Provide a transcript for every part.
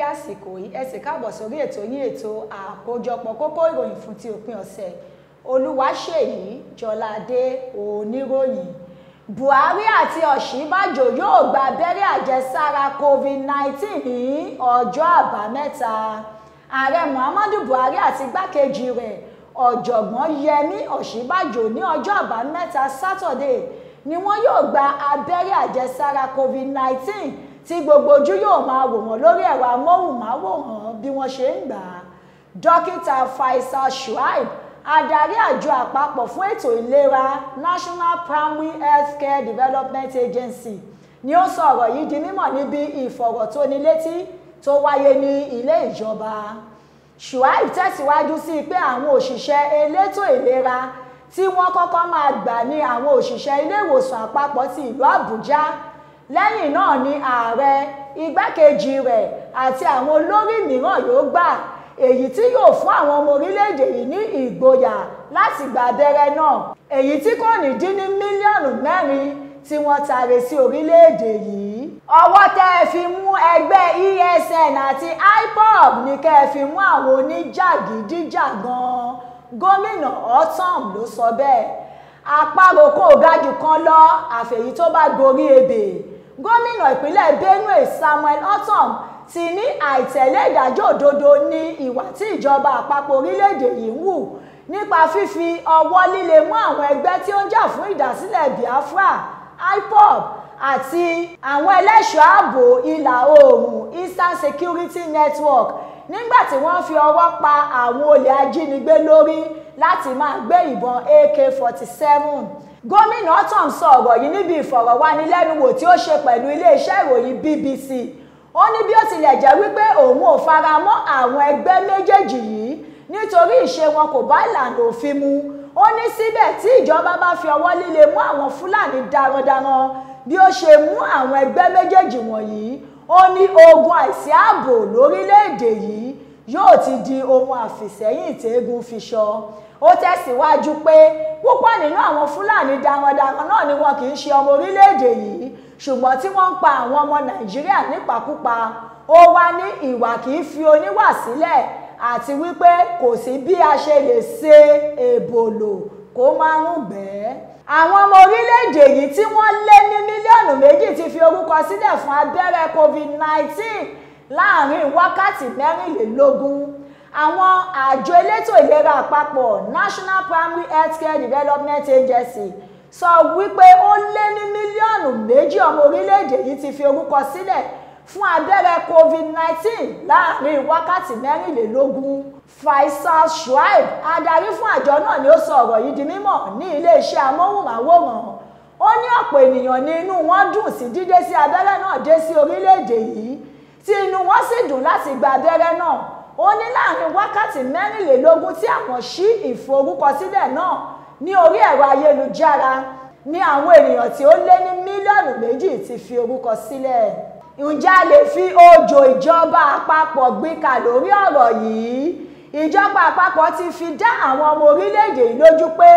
dédé àsìkò yìí ẹ sì káàbọ̀ sórí ètò yín ètò àkójọpọ̀ kókó ìròyìn fún ti òpin ọ̀sẹ̀ olúwaṣèyí jọládé oníròyìn buhari àti ọ̀ṣínbàjò yóò gba abẹ́rẹ́ àjẹsára covid-19 ní ọjọ́ àbámẹ́ta ààrẹ muhammadu buhari àti igbákejì rẹ̀ ọ̀jọ̀gbọ́n yẹmí ọ̀ṣínbàjò ní ọjọ́ àbámẹ́ta Saturday ni wọ́n yóò gba abẹ́rẹ́ àjẹsára covid-19 tí gbogbo ojú yóò máa wò wọ́n lórí ẹ̀rọ amóhùnmáwòrán bí wọ́n ṣe ń gbà á dókítà Faisal Shuaib adarí àjọ àpapọ̀ fún ètò ìlera National Primary Health Care Development Agency ni ó sọ ọ̀rọ̀ yìí di mímọ̀ níbi ìfọ̀rọ̀tónilétí tó wáyé ní ilé ìjọba Shuaib tẹ̀síwájú sí pé àwọn òṣìṣẹ́ elétò ìlera tí wọ́n kọ́kọ́ máa gbà ní àwọn òṣìṣẹ́ ilé ìwòsàn àpapọ̀ ti ìlú Àbújá lẹ́yìn náà ni ààrẹ igbákejì rẹ̀ àti àwọn olórí mìíràn yóò gbà èyí tí yóò fún àwọn ọmọ orílẹ̀-èdè yìí ní ìgboyà láti gba abẹ́rẹ́ náà èyí tí kò ní dín ní mílíọ̀nù mẹ́rin tí wọ́n tààrẹ sí orílẹ̀-èdè yìí. ọwọ́ tẹ́ ẹ fi mú ẹgbẹ́ ESN àti IPOB ni kẹ́ ẹ fi mú àwọn oníjàgídíjàgan gómìnà otom ló sọ bẹ́ẹ̀ àparò kò ga jù kan lọ àfẹ̀yí tó bá gorí ebè gómìnà ìpínlẹ̀ benue samuel ortom ti ní àìtẹ̀lé ìdájọ́ òdodo ní ìwà tí ìjọba àpapọ̀ orílẹ̀-èdè yìí ń wù nípa fífi ọwọ́ líle mọ́ àwọn ẹgbẹ́ tí ó ń jà fún ìdásílẹ̀ biafra ipob àti àwọn ẹlẹ́ṣọ́ ààbò ìlà oòrùn eastern security network nígbà tí wọ́n fi ọwọ́ pa àwọn olè ajínigbé lórí láti máa gbé ìbọn ak forty seven gómìnà tom sọ ọ̀rọ̀ yìí níbi ìfọ̀rọ̀wánilẹ́nuwò tí ó ṣe pẹ̀lú iléeṣẹ́ ìròyìn bbc ó ní bí ó tilẹ̀ jẹ́ wípé òun ò fara mọ́ àwọn ẹgbẹ́ méjèèjì yìí nítorí ìṣe wọn kò bá ìlànà òfin mu ó ní síbẹ̀ tí ìjọba bá fi ọwọ́ líle mú àwọn fúlàní darandaran bí ó ṣe mú àwọn ẹgbẹ́ méjèèjì wọ̀nyí ó ní ogun àìsí ààbò lórílẹ̀‐èdè yìí yóò ti di ohun àfìsẹ́yìn tẹ́gun fi ṣọ ó tẹ̀síwájú pé púpọ̀ nínú àwọn fúlàní darandaran náà ni wọn kì í ṣe ọmọ orílẹ̀-èdè yìí ṣùgbọ́n tí wọ́n ń pa àwọn ọmọ nàìjíríà nípakúpa ó wá ní ìwà kì í fi oníwà sílẹ̀ àti wípé kò sí bí a ṣe lè ṣe èbòlò kó máa ń gbẹ́. àwọn ọmọ orílẹ̀-èdè yìí tí wọ́n lé ní mílíọ̀nù méjì ti fi orúkọ sílẹ̀ fún abẹ́rẹ́ covid-19 láàrin wákàtí mẹ́rìnlélógún àwọn àjọ elétò ìlera àpapọ̀ National Primary Healthcare Development Agency sọ wípé ó lé ní mílíọ̀nù méjì ọmọ orílẹ̀-èdè yìí ti fi orúkọ sílẹ̀ fún abẹ́rẹ́ covid-19 láàrin wákàtí mẹ́rìnlélógún faisal shuaib adarí fún àjọ náà ni ó sọ ọ̀rọ̀ yìí di mímọ̀ ní iléeṣẹ́ amóhùnmáwòrán ó ní ọ̀pọ̀ ènìyàn ní inú wọn dùn sí dídé sí abẹ́rẹ́ náà dé sí orílẹ̀-èdè yìí tí inú wọn sì dùn láti gba abẹ́rẹ́ náà ó ní láàrin wákàtí mẹ́rìnlélógún tí àwọn ṣí ìforúkọsílẹ̀ náà ní orí ẹ̀rọ ayélujára ní àwọn ènìyàn tí ó lé ní mílíọ̀nù méjì ti fi orúkọ sílẹ̀ ǹjẹ́ a lè fi òjò ìjọba àpapọ̀ gbìkà lórí ọ̀rọ̀ yìí ìjọba àpapọ̀ ti fi dá àwọn ọmọ orílẹ̀-èdè yìí lójú pé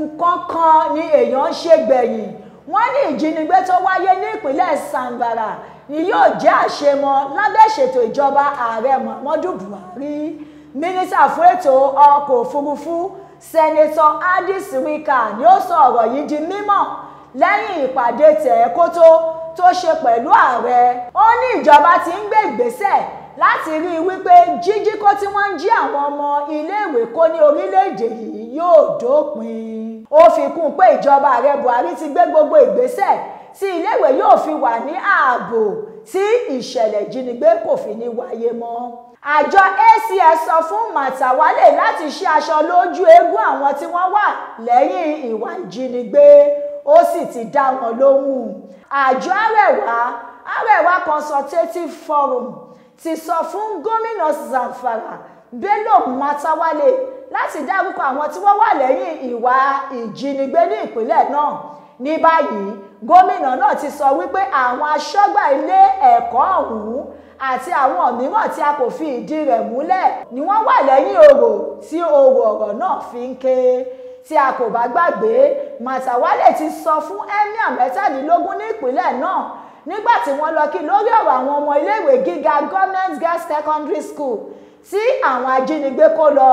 nǹkan kan ni èèyàn ń ṣe gbẹ̀yìn wọ́n ní ìjínigbé tó wáyé ní ìpínlẹ̀ Sanfara yóò jẹ́ àṣemọ lábẹ́ ìṣètò ìjọba ààrẹ muhammadu buhari mínísítà fún ètò ọkọ̀ òfurufú sẹ́nẹ́tọ̀ addis rika ni ó sọ ọ̀rọ̀ yìí di mímọ̀ lẹ́yìn ìpàdé tẹ̀ẹ́kótó tó ṣe pẹ̀lú ààrẹ ó ní ìjọba ti ń gbé ìgbésẹ̀ láti rí i wípé jíjí kó tí wọ́n ń jí àwọn ọmọ iléèwé kó ní orílẹ̀-èdè yìí yóò dópin ó fi kún un pé ìjọba ààrẹ buhari ti gbé gbogbo ìgbésẹ̀ tí iléèwé yóò fi wà ní ààbò tí ìṣẹ̀lẹ̀ ìjínigbé kò fi ní wáyé mọ́ àjọ ACS sọ fún Màtàwálè láti ṣí aṣọ lójú eégún àwọn tí wọ́n wà lẹ́yìn ìwà ìjínigbé ó sì ti dá wọn lóhùn àjọ Arẹwà Arẹwà Consultative Forum ti sọ fún gómìnà Zamfara Bello Màtàwálè láti dárúkọ àwọn tí wọ́n wà lẹ́yìn ìwà ìjínigbé ní ìpínlẹ̀ náà ní báyìí gómìnà náà ti sọ wípé àwọn aṣọ́gbà ilé ẹ̀kọ́ ọ̀hún àti àwọn mìíràn tí a kò fi ìdí rẹ̀ múlẹ̀ ni wọ́n wà lẹ́yìn òrò tí òrò ọ̀rọ̀ náà fi ń ké tí a kò bá gbàgbé Màtàwálè ti sọ fún emir mẹ́tàdínlógún ní ìpínlẹ̀ náà nígbà tí wọ́n lọ kí lórí ọ̀rọ̀ àwọn ọmọ iléèwé gíga government girls secondary school tí àwọn ajínigbé kó lọ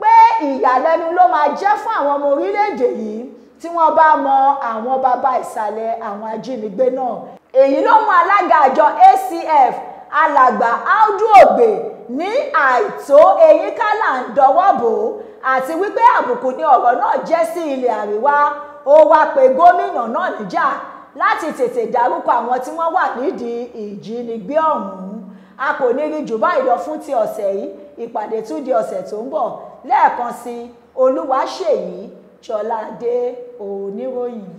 pé ìyàlẹ́nu ló máa jẹ́ fún àwọn ọmọ orílẹ̀-èdè yìí tí wọ́n bá mọ àwọn bàbá ìsàlẹ̀ àwọn ajínigbé náà èyí ló mú alága àjọ ACF alàgbà Audu Ogbe ní àìtó eyín kálà ń dọwọ́ bò ó àti wípé àbùkù ni ọ̀rọ̀ náà jẹ́ sí ilẹ̀ àríwá ó wá pe gómìnà náà níjà láti tètè dárúkọ àwọn tí wọ́n wà nídìí ìjínigbé ọ̀hún a kò ní rí jù báyìí lọ fún ti ọ̀sẹ̀ yìí ìpàdé tún di ọ̀sẹ̀ tó ń bọ̀ lẹ́ẹ̀kan sí Olúwaṣèyí Ṣọládé Òníróyìn.